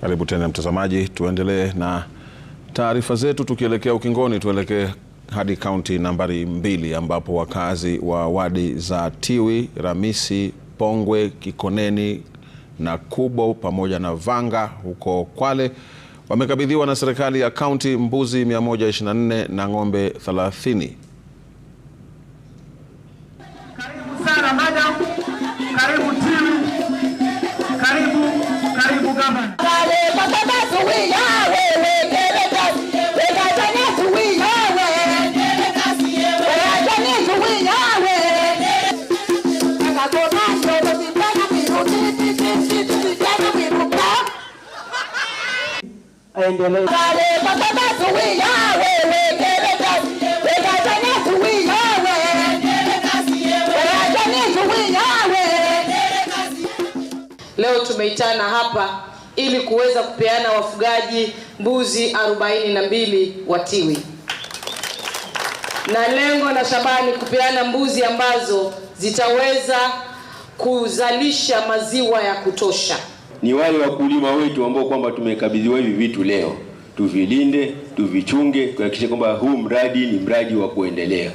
Karibu tena mtazamaji, tuendelee na taarifa zetu tukielekea ukingoni. Tuelekee hadi kaunti nambari mbili ambapo wakazi wa wadi za Tiwi, Ramisi, Pongwe, Kikoneni na Kubo pamoja na Vanga huko Kwale wamekabidhiwa na serikali ya kaunti mbuzi 124 na ng'ombe 30 Leo tumeitana hapa ili kuweza kupeana wafugaji mbuzi arobaini na mbili wa Tiwi na lengo na shabani kupeana mbuzi ambazo zitaweza kuzalisha maziwa ya kutosha. Ni wale wakulima wetu ambao kwamba tumekabidhiwa hivi vitu leo, tuvilinde, tuvichunge, kuhakikisha kwamba huu mradi ni mradi wa kuendelea.